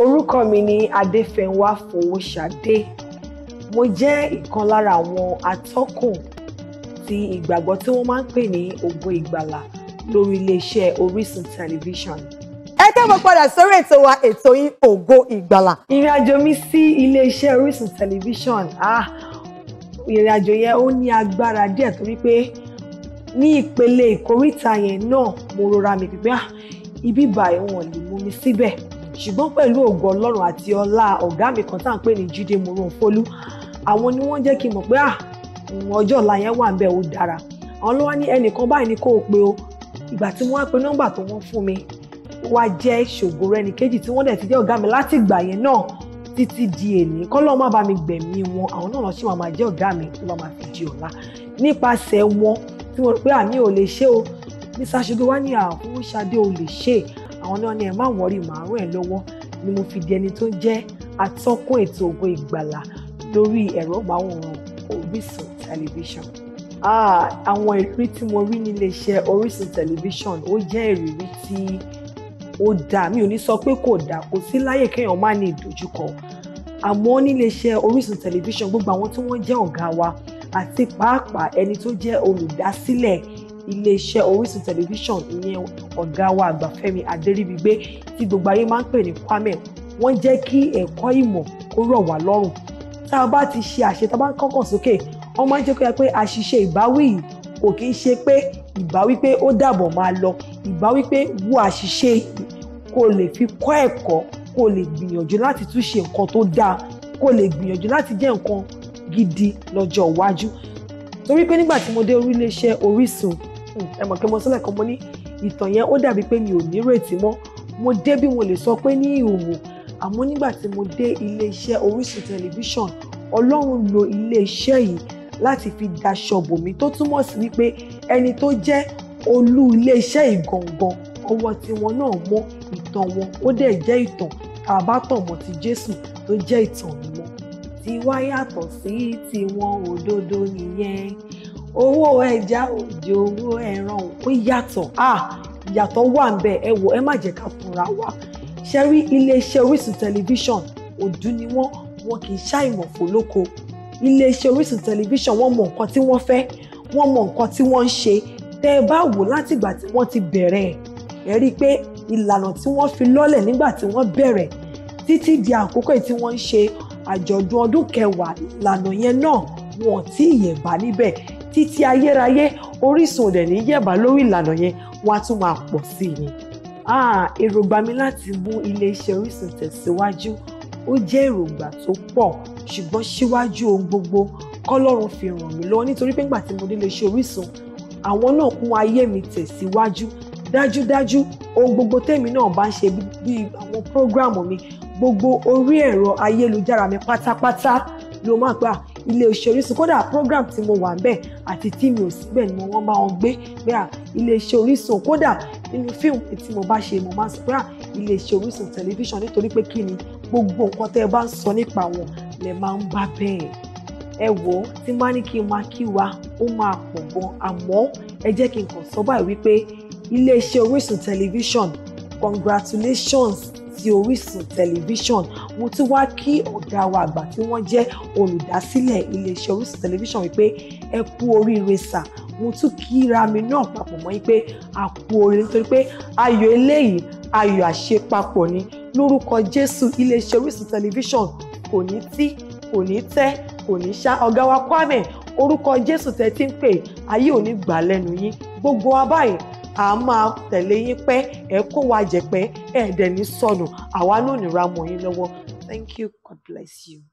orúkọ mi ni adéfẹ̀wá fowóṣadé mo jẹ́ ìkan lára àwọn atọ́kùn ti ìgbàgbọ́ tí wọ́n máa ń pè ní ògo ìgbàlà lórí iléeṣẹ́ orísun tẹlifíṣàn ẹ tẹ́wọ́ padà sórí ètò wa ètò yín ògo ìgbàlà. ìrìn àjò mi sí iléeṣẹ́ Orísun tẹlifíṣọ̀n ah, ìrìn àjò yẹn ó ní agbára díẹ̀ torí pé ní ìpele ìkóríta yẹn náà mo rọra mi pípẹ́ ah, ibi báyìí wọn lè mú mi síbẹ̀ ṣùgbọ́n pẹ̀lú ògo ọlọ́run àti ọlá ọ̀gá mi kan tá à ń pè ní Jídé Moronfolú àwọn ni wọ́n jẹ́ kí n mọ̀ pé à ah, ọjọ́ ọ̀la yẹn wà ń bẹ̀ ó dára àwọn ló wá ní ẹnìkan báyìí ni kò pe o ìgbà tí wọ́n á pe nọ́mbà tó wọ́n fún mi wá jẹ́ ṣògo rẹ nìkejì tí wọ́n dẹ̀ ti jẹ́ ọ̀gá mi láti ìgbà yẹn náà títí di èní kọ́lọ́ má bá mi gbẹ̀mí wọn àwọn náà lọ sí wọn máa jẹ́ ọ̀gá mi lọ́ máa fi di ọ̀la nípasẹ̀ wọn tí wọ́n rò pé àmì ò lè ṣe o ní sàṣojú wá ní àfọwọ́ṣadé ò lè ṣe é àwọn náà ni ẹ má wọrí màá ràn ẹ́ lọ́wọ́ ni mo fi di ẹni tó ń jẹ́ atọ́kùn ètò ògo ìgbàlà lórí ẹ̀rọ ìgbàwòrán Orísun tẹlifíṣàn àwọn ìrírí tí mo rí nílé iṣẹ́ Orísun tẹlifíṣàn ó jẹ́ ìrírí tí ó dáa mi ò ní sọ pé kò dáa kò sí láyè kéèyàn má ní ìdojúkọ àmọ́ nílé iṣẹ́ Orísun tẹlifíṣàn gbogbo àwọn tí wọ́n jẹ́ ọ̀gá wa àti pàápàá ẹni tó jẹ́ olùdásílẹ̀ iléeṣẹ́ Orísun tẹlifíṣàn ìyẹn ọ̀gá wa àgbà Fẹ́mi Adéríbigbé tí gbogbo ayé máa ń pè ní Kwame wọ́n jẹ́ kí ẹ̀kọ́ ìmọ̀ kó rọ̀ wá lọ́rùn tá a bá ti ṣe àṣẹ tá a bá ń kọ́kàn sókè wọ́n máa ń jẹ́ kó yẹ pé àṣìṣe ìbáwí yìí kò kí ń ṣe pé ìbáwí pé ó dàbọ̀ máa lọ ìbáwí pé wo àṣìṣe kó lè fi kọ́ ẹ̀kọ́ kó lè gbìyànjú láti tún ṣe nǹkan tó dáa kó lè gbìyànjú láti jẹ́ nǹkan gidi lọ́jọ́ iwájú torí pé nígbà tí mo dé oríléeṣẹ́ Orísun Hmm, ẹmọ kí mo sílẹ̀ kan mo ní ìtàn yẹn ó dàbí pé mi ò nírètí mọ́ mo dé bí mo lè sọ pé ní ìhòòhò àmọ́ nígbà tí mo dé iléeṣẹ́ Orísun tẹlifíṣàn Ọlọ́run lo iléeṣẹ́ yìí láti fi daṣọ bò mí tó túmọ̀ sí wípé ẹni tó jẹ́ olú iléeṣẹ́ yìí gangan ọwọ́ tiwọn náà mọ́ ìtàn wọn ó dẹ̀ jẹ́ ìtàn tá a bá tàn mọ́ ti Jésù tó jẹ́ ìtàn mímọ́ tiwa yàtọ̀ sí tiwọn òdodo nìyẹn owó ẹja òjò owó ẹran ó yàtọ̀ ah ìyàtọ̀ wà ń bẹ ẹ wò ẹ má jẹ́ ká fúnra wa ṣe rí iléeṣẹ́ Orísun tẹlifíṣàn ọdún ni wọ́n wọn kì í ṣàìmọ̀ fólóko iléeṣẹ́ Orísun tẹlifíṣàn wọ́n mọ nǹkan tí wọ́n fẹ́ wọ́n mọ nǹkan tí wọ́n ń ṣe tẹ́ ẹ bá wò láti ìgbà tí wọ́n ti bẹ̀rẹ̀ ẹ rí i pé ìlànà tí wọ́n fi lọ́lẹ̀ nígbà tí wọ́n bẹ̀rẹ̀ títí di àkókò tí wọ́n ń ṣe àjọ̀dún ọdún kẹwàá ìlànà yẹn náà wọn ò tí ì yẹ̀ bá níbẹ̀ títí ayérayé orísun òdẹ̀ ní yẹ̀bà lórí ìlànà yẹn wọ́n á tún máa pọ̀ sí i ni. èròǹgbà mi láti mú iléeṣẹ́ orísun tẹ̀síwájú ó jẹ́ èròǹgbà tó pọ̀ ṣùgbọ́n síwájú ohun gbogbo kọ́lọ́run fi ràn mí lọ́wọ́ nítorí pé ńgbà tí mo délé iṣẹ́ orísun àwọn náà kún ayé mi tẹ̀síwájú dájúdájú ohun gbogbo tèmi náà bá ń ṣe bí àwọn prógráàmù mi gbogbo orí ẹ̀rọ ayélujára mi pátápátá ló máa gbà ilé iṣẹ́ Orísun kódà program tí mo wà bẹ́ẹ̀ àti tí mi ò síbẹ̀ ni wọ́n bá wọn gbé pé à ilé iṣẹ́ Orísun kódà nínú fíìmù tí mo bá ṣe mo máa ń sọ pé à ilé iṣẹ́ Orísun tẹlifíṣàn nítorí pé kí ni gbogbo nǹkan tẹ́ ẹ bá ń sọ nípa wọn lẹ máa ń bá bẹ́ẹ̀ ẹ wò ó tí má ní kí n máa kí wa ó máa pọ̀ gan àmọ́ ẹ jẹ́ kí n kàn sọ báyìí wípé ilé iṣẹ́ Orísun tẹlifíṣàn congratulations ti Orísun tẹlifíṣàn mo ti wá kí ọ̀gá wa àgbà tí wọ́n jẹ́ olùdásílẹ̀ iléeṣẹ́ Orísun tẹlifíṣàn wípé ẹ kú oríire sà mo tún kíra mi náà papọ̀ mọ́ wípé a kú oríire nítorí pé ayọ̀ eléyìí ayọ̀ àṣepapọ̀ ni lórúkọ Jésù iléeṣẹ́ Orísun tẹlifíṣàn kò ní tí kò ní tẹ́ kò ní ṣá ọ̀gá wa Kwame orúkọ Jésù tẹ́ ti ń pè ayé ò ní gbà lẹ́nu yín gbogbo wa báyìí a máa tẹ̀lé yín pẹ́ ẹ kó wa jẹ̀pẹ́ ẹ ní sọnù àwa náà nira mọ̀ yín lọ́wọ́ Thank you. God bless you.